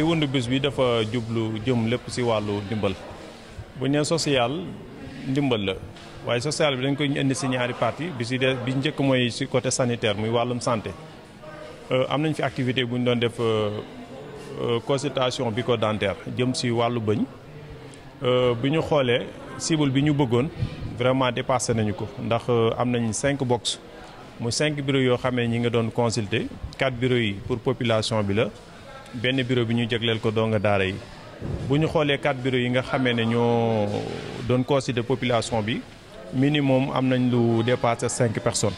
li wund bés bi dafa jublu jëm lépp si wàllu ndimbal bu ñu social ndimbal la waaye social bi dañ koy indi si ñaari parti bi si des bi njëkk mooy si côté sanitaire muy wàllum santé euh, am nañ fi activité bu ñu doon def euh, euh, consultation bucco-dentaire jëm si wàllu bëñ bi ñu xoolee cible bi ñu bëggoon vraiment dépassé nañu ko ndax am nañ cinq box mu cinq bureau yoo xamee ñi nga doon consulter quatre bureau yi pour population bi la benn bureau bi ñu jegleel ko donga daara yi bu ñu xoolee quatre bureaux yi nga xamee ne ñoo doon considérer population bi moom am nañ lu dépassé cinq personnes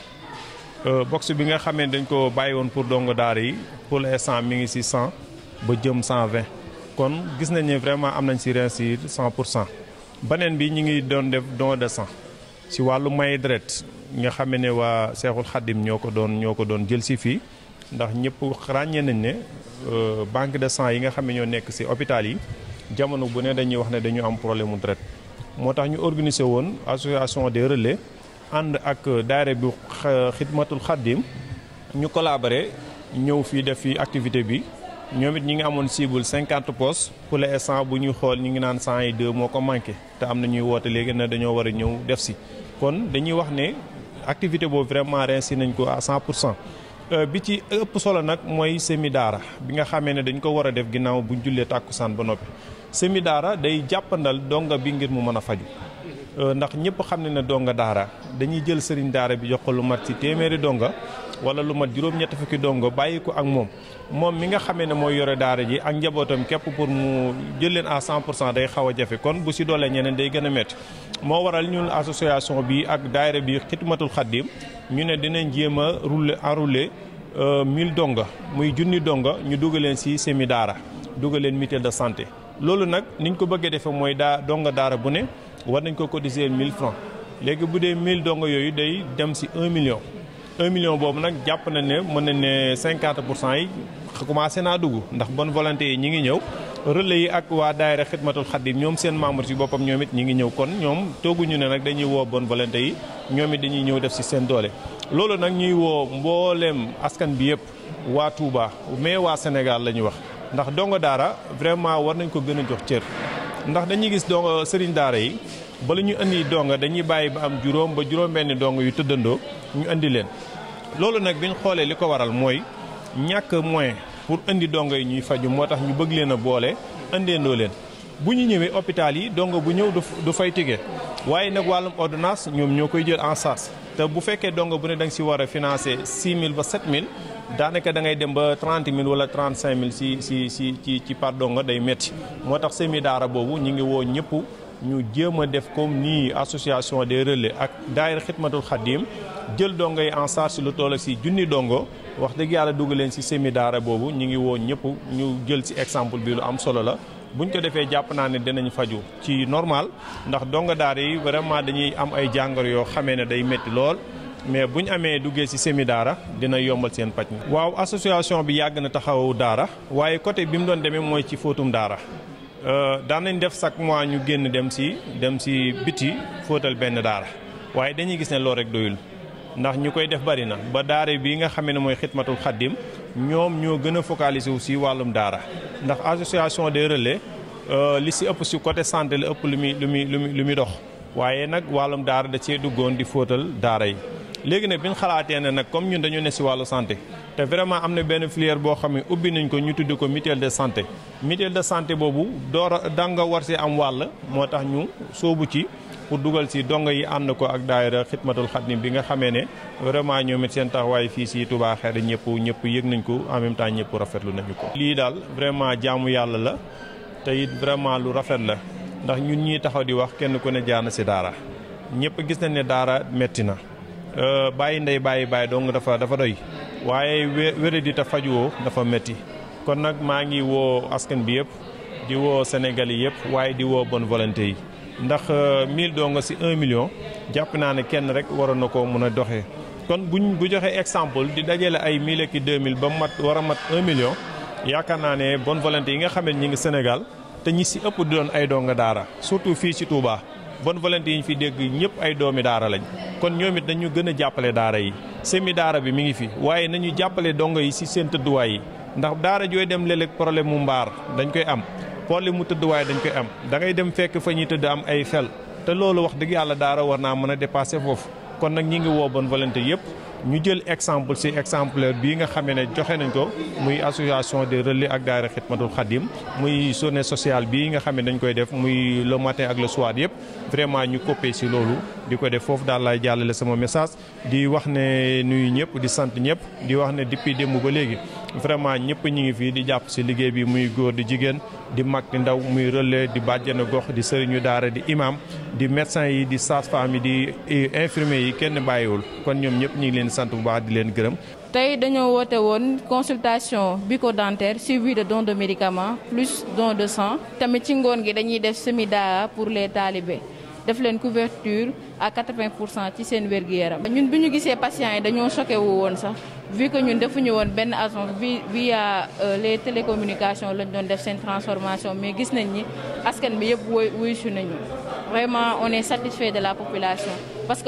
euh, box bi nga xame ne dañ ko bàyyi woon pour donga daara yi pour l'instant mi ngi ci cent ba jëm cent vingt kon gis nañ ne vraiment am nañ ci réussir cent pour cent beneen bi ñu ngi doon def don de sang ci wàllu may deret nga xamee ne waa Seexul Xaddim ñoo ko doon ñoo ko doon jël ci fii ndax ñëpp ràññee nañ ne euh, banque de sang yi nga xam ne ñoo nekk ci hôpital yi jamono bu ne dañuy wax ne dañu am problème mu traite moo tax ñu organiser woon association des relais ànd ak daayira bi xidmatul xaddim ñu collaborer ñëw fii def fi activité bi ñoom it ñi ngi amoon cible cinquante postes pour l'instant bu ñuy xool ñu ngi naan cent yi deux moo ko manqué te am na ñuy woote léegi ne dañoo war a ñëw def si kon dañuy wax ne activité boobu vraiment réussir nañ ko à cent pour cent Euh, bi ci ëpp solo nag mooy semi daara bi nga xamee ne dañ ko war a def ginnaaw bu jullee tàkkusaan ba noppi semi daara day jàppandal donga bi ngir mu mën a faju Euh, ndax ñëpp xam ne na donga daara dañuy jël sëriñ daara bi jox ko ci téeméeri donga wala lu mat juróom ñetti fukki donga bàyyi ko ak moom moom mi nga xamee ne mooy yore daara ji ak njabootam képp pour mu jël leen à 100 cent day xaw a jafe kon bu si doolee ñeneen day gën a métti moo waral ñun association bi ak daayira bi xidmatul xaddim ñu ne dinañ jéem a rouler enrouler 1000 euh, donga muy junni donga ñu dugal leen si semi daara dugal leen mutuelle de santé loolu nag niñ ko bëggee defee mooy daa donga daara bu ne war nañ ko cotiser mille francs léegi bu dee mille dongo yooyu day dem si 1 million. 1 million boobu nag jàpp nañ ne mën nañ ne 50 pour cent yi commencé naa dugg ndax bon volonté yi ñi ngi ñëw. relais yi ak waa daay daayira xidmatul xadim ñoom seen membre ci boppam ñoom it ñi ngi ñëw kon ñoom tooguñu ne nag dañuy woo bonne volonté yi ñoom it dañuy ñëw def ci seen doole. loolu nag ñuy woo mbooleem askan bi yëpp waa Touba mais waa Sénégal la ñuy wax ndax dongo daara vraiment war nañ ko gën a jox cër. ndax dañuy gis donc euh, sëriñ daara yi bala ñu indi donga dañuy bàyyi ba am juróom ba juróom-benni dong yu tëddandoo ñu indi leen loolu nag bi ñu xoolee li ko waral mooy ñàkk moyen pour indi donga yi ñuy faju moo tax ñu bëgg leen a boole indeendoo leen bu ñu ñëwee hôpital yi donga bu ñëw du fay tige waaye nag wàllum ordonnance ñoom ñoo koy jël en charge te bu fekkee dongo bu ne danga nga si war a financer 6000 ba 7000 daanaka da ngay dem ba 30000 wala 35000 si si si ci ci par dongo day métti moo tax semi daara boobu ñu ngi woo ñëpp ñu jéem a def comme nii association des relais ak daayira xidmatul xadim jël dongo yi en charge lu toll si junni dongo wax dëgg yàlla dugg leen si semi daara boobu ñu ngi woo ñëpp ñu jël si exemple bi lu am solo la. buñ ko defee jàpp naa ne dinañ faju ci normal ndax donga daara yi vraiment dañuy am ay jàngoro yoo xamee ne day métti lool mais bu ñu amee duggee ci semi daara dina yombal seen paj mi waaw association bi yàgg na taxawu daara waaye côté bi mu doon demee mooy ci fóotum daara euh, daan nañ def chaque mois ñu génn dem ci dem ci biti fóotal benn daara waaye dañuy gis ne loolu rek doyul ndax ñu koy def bari na ba daara bi nga xamee ne mooy xidmatul xaddim ñoom ñoo gën a focaliser wàllum daara ndax association des relais euh, li si ëpp si côté santé la ëpp lu muy lu muy lu muy dox waaye nag wàllum daara da cee duggoon di fóotal daara yi. léegi nag bi ñu xalaatee ne nag comme ñun dañu ne si wàllu santé te vraiment am na benn filière boo xam ne ubbi nañ ko ñu tudd ko mutuelle de santé mutuelle de santé boobu door a danga war see am wàll moo tax ñu sóobu ci. pour dugal si dongo yi ànd ko ak daayira xidmatul ni bi nga xamee ne vraiment ñoom it seen taxawaay fii si tubaaxee xeer ñëpp ñëpp yëg nañ ko en même temps ñëpp rafetlu nañu ko. lii daal vraiment jaamu yàlla la tey it vraiment lu rafet la ndax ñun ñi taxaw di wax kenn ku ne jaana si daara ñëpp gis nañ ne daara metti na. Euh, bàyyi ndey bàyyi bàyyi dong dafa dafa doy waaye wé wéradi te fajuwoo dafa metti kon nag maa ngi woo askan bi yëpp. di woo Sénégalais yëpp waaye di woo bonne volonté yi ndax 1000 euh, dongo si 1 million jàpp naa ne kenn rek waroon na koo mën a doxee. kon buñ bu joxee exemple di dajale ay 1000 ak i 2000 ba mat war a mat 1 million yaakaar naa ne bon volonté yi nga xam ne ñi ngi Sénégal te ñi si ëpp di doon ay dongo daara surtout fii ci Touba bonne volonté yi ñu fi dégg ñëpp ay doomi daara lañ kon ñoom it nañu gën a jàppale daara yi semi daara bi mi ngi fi waaye nañu jàppale dongo yi si seen tëdduwaay yi ndax daara jooy dem léeg problème mu mbaar dañ koy am pool li mu tëdd waaye dañ koy am dangay dem fekk fa ñuy tëdd am ay fel te loolu wax dëgg yàlla daara war naa mën a dépasser foofu kon nag ñi ngi woo bonne volonté yëpp ñu jël exemple si exemplaire bii nga xamee ne joxe nañ ko muy association des relais ak daayira Xidmatul Xadim muy journée sociale bii nga xam ne dañ koy def muy le matin ak le soir yëpp vraiment ñu coppee si loolu di ko def foofu daal lay jàllale sama message di wax ne nuyu ñëpp di sant ñëpp di wax ne depuis démb ba léegi vraiment ñëpp ñi ngi fii di jàpp si liggéey bi muy góor di jigéen di mag di ndaw muy relais di na gox di sëriñu daara di imam di médecin yi di sage-femme di infirmier yi kenn bàyyiwul kon ñëpp sant bu baax di leen gërëm. tey dañoo woote woon consultation bucco-dentaire suivi de don de médicaments plus don de sang tamit ci ngoon gi dañuy def semi pour les talibés def leen couverture à 80 pour cent ci seen wér-gu-yaram. ñun bi ñu gisee patients yi dañoo choqué wu woon sax vu que ñun defuñu woon benn agence bi via euh, les télécommunications lañ doon def seen transformation mais gis nañ ni askan bi yëpp woy wuyu si nañu vraiment on est satisfait de la population parce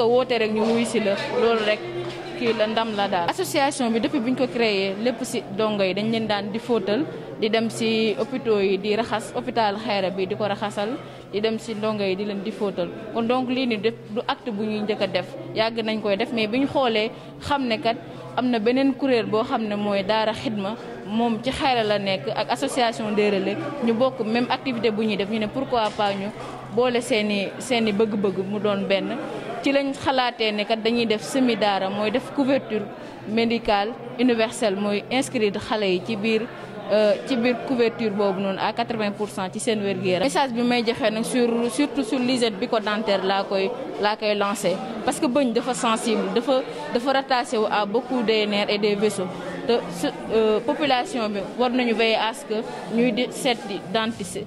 kii la ndam la daal. association bi depuis bu ñu ko créé lépp si dongo yi dañ leen daan di fóotal di dem si hôpitaux yi di raxas hôpital xeera bi di ko raxasal di dem si ndongo yi di leen di fóotal kon donc lii ni def du acte bu ñuy njëkk a def yàgg nañ koy def mais bi ñu xoolee xam ne kat am na beneen kuréel boo xam ne mooy daara xidma moom ci xayra la nekk ak association des ñu bokk même activité bu ñuy def ñu ne pourquoi pas ñu boole seeni seeni bëgg-bëgg mu doon benn ci lañ xalaatee ne kat dañuy def semi daara mooy def couverture médicale universelle mooy inscrire xale yi ci biir euh, ci biir couverture boobu noonu à 80 pour cent ci seen wér-gu-yaram message bi may joxe nag sur surtout sur l'hygiène bucco-dentaire laa koy laa koy lancé parce que bëñ dafa sensible dafa dafa rattaché wu à beaucoup des nerfs et des vaisseaux te euh, population bi war nañu veiller à ce que ñuy di seet di dentiste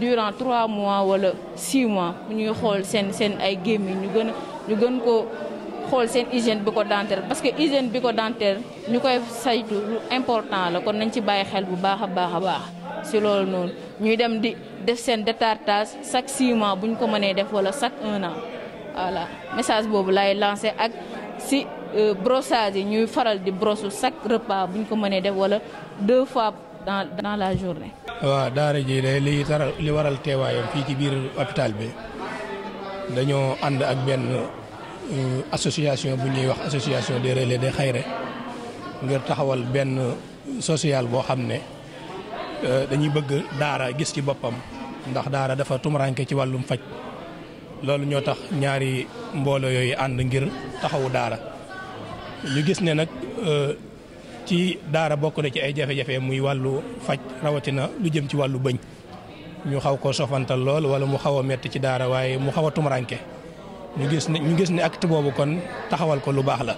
durant trois mois wala 6 mois ñuy xool seen seen ay gémmiñ ñu gën a ñu gën ko xool seen hygiène bi ko dentaire parce que hygiène bi ko dentaire ñu koy saytu lu important la kon nañ ci bàyyi xel bu baax a baax a baax si loolu noonu ñuy dem di def seen de chaque six mois bu ñu ko mënee def wala chaque un an voilà message boobu lay lancé ak si euh, brossage yi ñuy faral di brosse chaque repas bu ñu ko mënee def wala deux fois dans dans la journée. waaw daara ji de li taral li waral teewaayam fii ci biir hôpital bi dañoo ànd ak benn. Euh, association bu ñuy wax association des relais des xayre ngir taxawal benn social boo xam ne euh, dañuy bëgg daara gis ci boppam ndax daara dafa tumuranke ci wàllum faj loolu ñoo tax ñaari mbooloo yooyu ànd ngir taxawu daara ñu gis ne nag euh, ci daara bokk na ci ay jafe-jafe muy wàllu faj rawatina lu jëm ci wàllu bëñ ñu xaw ko sofantal lool wala mu xaw a metti ci daara waaye mu xaw a tumuranke ñu gis ne ñu gis ne acte boobu kon taxawal ko lu baax la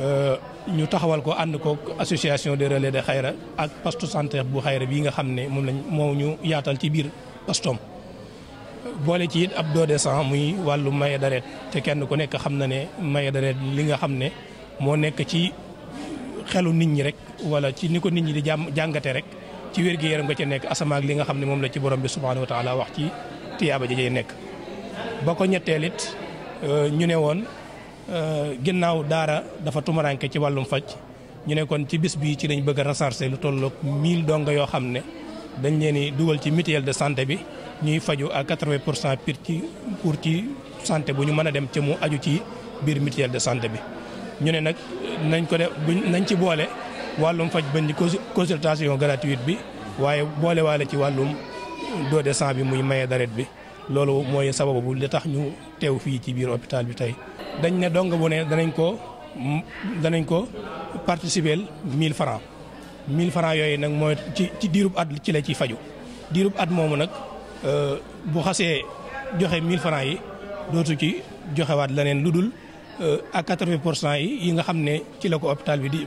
euh, ñu taxawal ko ànd ko association de relais de xayra ak poste santé bu xayra bii nga xam ne moom lañ moo ñu yaatal ci biir postom boole ci ab don de muy wàllu maye deret te kenn ku nekk xam na ne maye deret li nga xam ne moo nekk ci xelu nit ñi rek wala ci ni ko nit ñi di jàmm jàngate rek ci wér yaram nga ca nekk asamaak li nga xam ne moom la ci borom bi subhaanahu wa taala wax ci tiyaaba ja jay nekk ba ko ñetteel Euh, ñu ne woon euh, ginnaaw daara dafa tumaranke ci wàllum faj ñu ne kon ci bis bi ci lañ bëgg a recenser lu tolloog 1000 donga yoo xam ne dañ leen di dugal ci mutuelle de santé bi ñuy faju à 80 pour cent pir ci pour ci santé bu ñu mën a dem ci mu aju ci biir mutuelle de santé bi. ñu ne nag nañ ko def nañ ci boole wàllum faj bañ di consultation gratuite bi waaye boole boolewaale ci wàllum don de sang bi muy mayee deret bi. loolu mooy sababu bu la tax ñu teew fii ci biir opitaal bi tey. dañ ne dong bu ne danañ ko danañ ko participer 1000 francs 1000 francs yooyu nag mooy ci ci diirub at ci la ciy faju diirub at moomu nag euh, bu xasee joxe 1000 francs yi dootu ci joxewaat leneen lu dul euh, ak 80 pour cent yi yi nga xam ne ci la ko hôpital bi di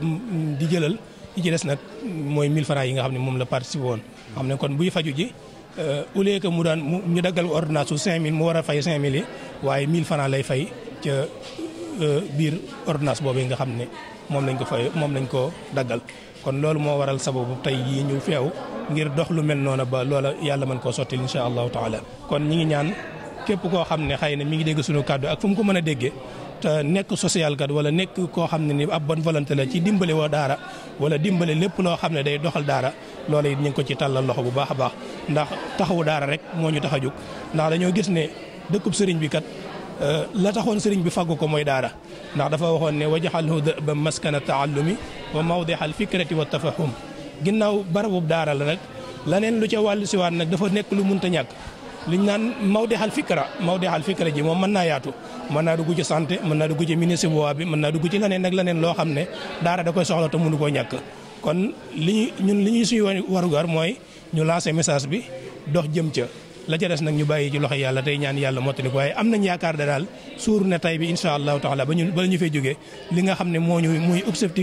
di jëlal yi ci des nag mooy 1000 francs yi nga xam ne moom la participer woon. xam ne kon buy faju ji. Euh, au lieu que mu daan mu ñu daggal ordonnance su 5000 mu war a fay 5000 yi waaye 1000 francs lay fay ca euh, biir ordonnance boobu nga xam ne moom lañ ko fay moom lañ ko daggal. kon loolu moo waral sababu tey yii ñu feew ngir dox lu mel noonu ba loola yàlla mën koo sottil incha allahu taala kon ñi ngi ñaan képp koo xam ne xëy na mu ngi dégg suñu kàddu ak fu mu ko mën a déggee te euh, nekk social kat wala nekk koo xam ne ni ab bonne volonté la ci dimbali woo daara wala dimbale lépp loo xam ne day doxal daara loola it ñu ngi ko ci tàllal loxo bu baax a baax ndax taxawu daara rek moo ñu tax a jóg ndax dañoo gis ne dëkkub sëriñ bi kat euh, la taxoon sëriñ bi faggu ko mooy daara ndax dafa waxoon ne wajaxalhu ba maskana taallumi wa de al fikrati wa tafahum ginnaaw barabub daara la nag laneen lu ca wàll si waan nag dafa nekk lu mun ta ñàkk li liñ naan mawdexal fikra mawdexal fikra ji moom man naa yaatu mën naa dugg ci santé mën naa dugg ci ministre boobaa bi mën naa dugg ci leneen ak loo xam ne daara da koy soxla te mënu koo ñàkk kon li ñun li ñuy suñu warugar mooy ñu lancer message bi dox jëm ca la ca nag ñu bàyyi ci loxo yàlla tey ñaan yàlla mottali ko waaye am nañ yaakaar da daal suur ne tay bi incha allahu taala ba ñu fee jógee li nga xam ne moo ñu muy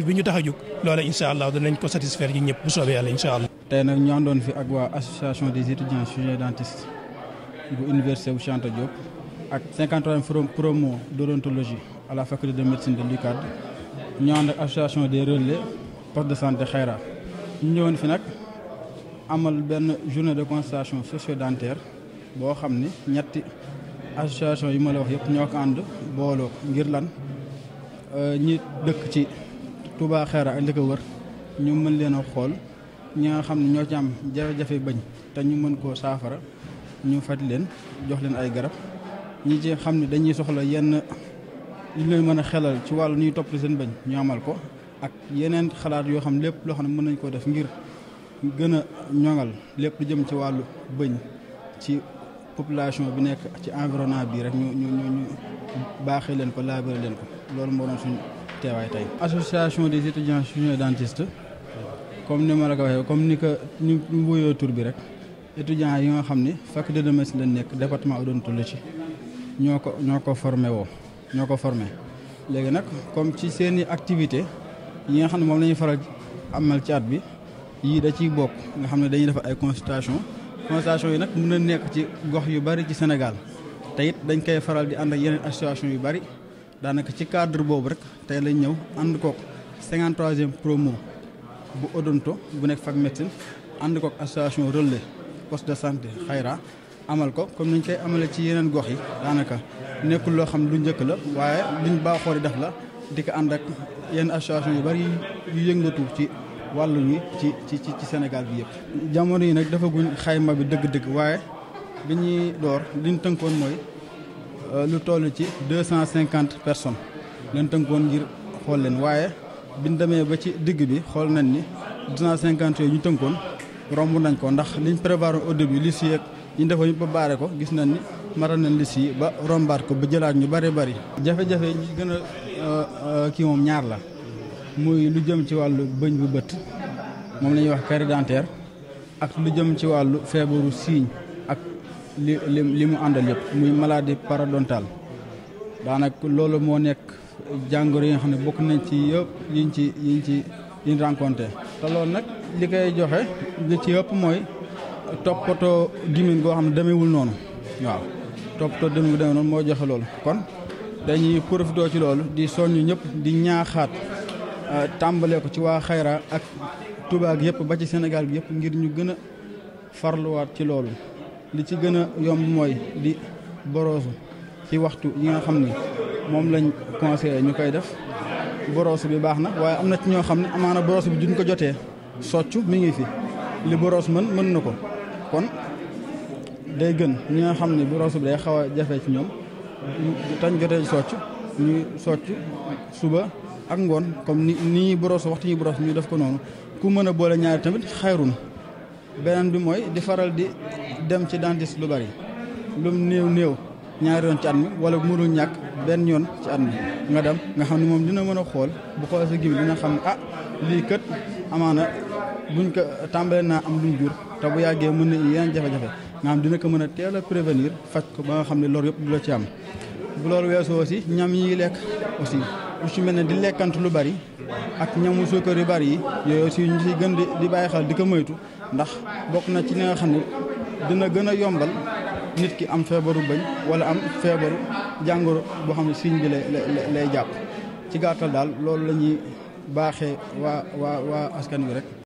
bi ñu tax a jóg l incha allah danañ ko satisfaire yi ñëpp bu université bu Cheikh Anta Diop ak 53e promo d'odontologie à la faculté de médecine de l'UCAD ñu ànd ak association des relais poste de santé Xayra ñu ñëwoon fi nag amal benn journée de consultation socio-dentaire boo xam ni ñetti association yi ma la wax yëpp ñoo ko ànd booloo ngir lan euh, ñi dëkk ci Touba Xayra ak li ko wër ñu mën leen a xool ñi xam ne ñoo ci am jafe-jafe bañ te ñu mën ko saafara ñu faj leen jox leen ay garab ñi ci xam ne dañuy soxla yenn li leen mën a xelal ci wàllu ñuy topp seen bañ ñu amal ko ak yeneen xalaat yoo xam lépp loo xam ne mën nañ koo def ngir gën a ñoŋal lépp lu jëm ci wàllu bëñ ci population bi nekk ci environnement bi rek ñu ñu ñu baaxee leen ko laabare leen ko loolu moo doon teewaay tey. association des su chirurgiens dentistes comme ni ma la ko waxee comme ni ko ni mu wuyoo tur bi rek. étudiants yi nga xam ni faculté de médecine lañ nekk département odontologie ñoo ko ñoo ko formé woo ñoo ko formé léegi nag comme ci seen i activité yi nga xam ne moom lañuy ñuy faral amal ci at bi yii da ciy bokk nga xam ne dañuy def ay consultation consultation yi nag mën na nekk ci gox yu bari ci Sénégal te it dañ koy faral di ànd ak yeneen association yu bari daanaka ci cadre boobu rek tey lañ ñëw ànd kook 53e promo bu odonto bu nekk fac médecine ànd kook association relais poste de santé xayra amal ko comme niñ koy amale ci yeneen gox yi daanaka nekkul loo xam du njëkk la waaye ñu baaxoo di def la di ko ànd ak yenn association yu bari yu yëngatu ci wàllu yi ci ci ci Sénégal bi yëpp. jamono yi nag dafa guñ xayma bi dëgg-dëgg waaye bi ñuy door liñ tënkoon mooy euh, lu toll ci deux cent cinquante personnes lañ tënkoon ngir xool leen waaye biñ demee ba ci digg bi xool nañ ni deux cent cinquante ñu tënkoon. romb nañ ko ndax liñ prévoir au bi li si yeeg ñu defoon ba baare ko gis nañ ni maral nañ lisi si ba rombaat ko ba jëlaat ñu bari bari. jafe-jafe ñi gën a euh, kii moom ñaar la muy lu jëm ci wàllu bëñ bu bët moom la ñuy wax carie dentaire ak lu jëm ci wàllu feebaru siiñ ak li li li mu àndal yëpp muy maladie parodontale daanaka loolu moo nekk. jàngoro yi nga xam ne bokk nañ ci yëpp yiñ ci yiñ ci yiñ rencontré te loolu nag li koy joxe li ci ëpp mooy toppatoo dimin goo xam ne demeewul noonu waaw toppatoo dimin gu demee noonu moo joxe loolu kon dañuy profitoo ci loolu di soññ ñëpp di ñaaxaat euh, tàmbalee ko ci waa xayra ak tubaab gi yëpp ba ci Sénégal gi yëpp ngir ñu gën a farluwaat ci loolu li ci gën a yomb mooy di boroosu ci waxtu yi nga xam ni moom lañ conseillé ñu koy def boroosu bi baax na waaye am na ci ñoo xam ne amaana boroosu bi duñ ko jotee soccu mi ngi fi li boros mën mën na ko kon day gën ñi nga xam ne boros bi day xaw jafe ci ñoom tañ jotee socc ñu socc suba ak ngoon comme ni nii boros waxtu ñuy boros ñu def ko noonu ku mën a boole ñaari tamit xayrun beneen bi mooy di faral di dem ci dentiste lu bari lum néew néew ñaari yoon ci at mi wala mënul ñàkk benn yoon ci at mi nga dem nga xam ne moom dina mën a xool bu xoolee sa gimi dina xam ne ah lii kët amaana buñ ko tàmbalee naa am luñ jur te bu yàggee mën na yeneen jafe-jafe nga xam dina ko mën a teel a prévenir faj ko ba nga xam ne lor yëpp du la ci am. bu loolu weesoo aussi ñam yi lekk aussi lu ci mel ne di lekkant lu bari ak ñamu suukar yu bari yi yooyu aussi ñu ci gën di bàyyi xal di ko moytu ndax bokk na ci ni nga xam ne dina gën a yombal nit ki am feebaru bëñ wala am feebaru jàngoro boo xam ne signe bi lay lay jàpp ci gàttal daal loolu la ñuy baaxee waa waa waa askan wi rek.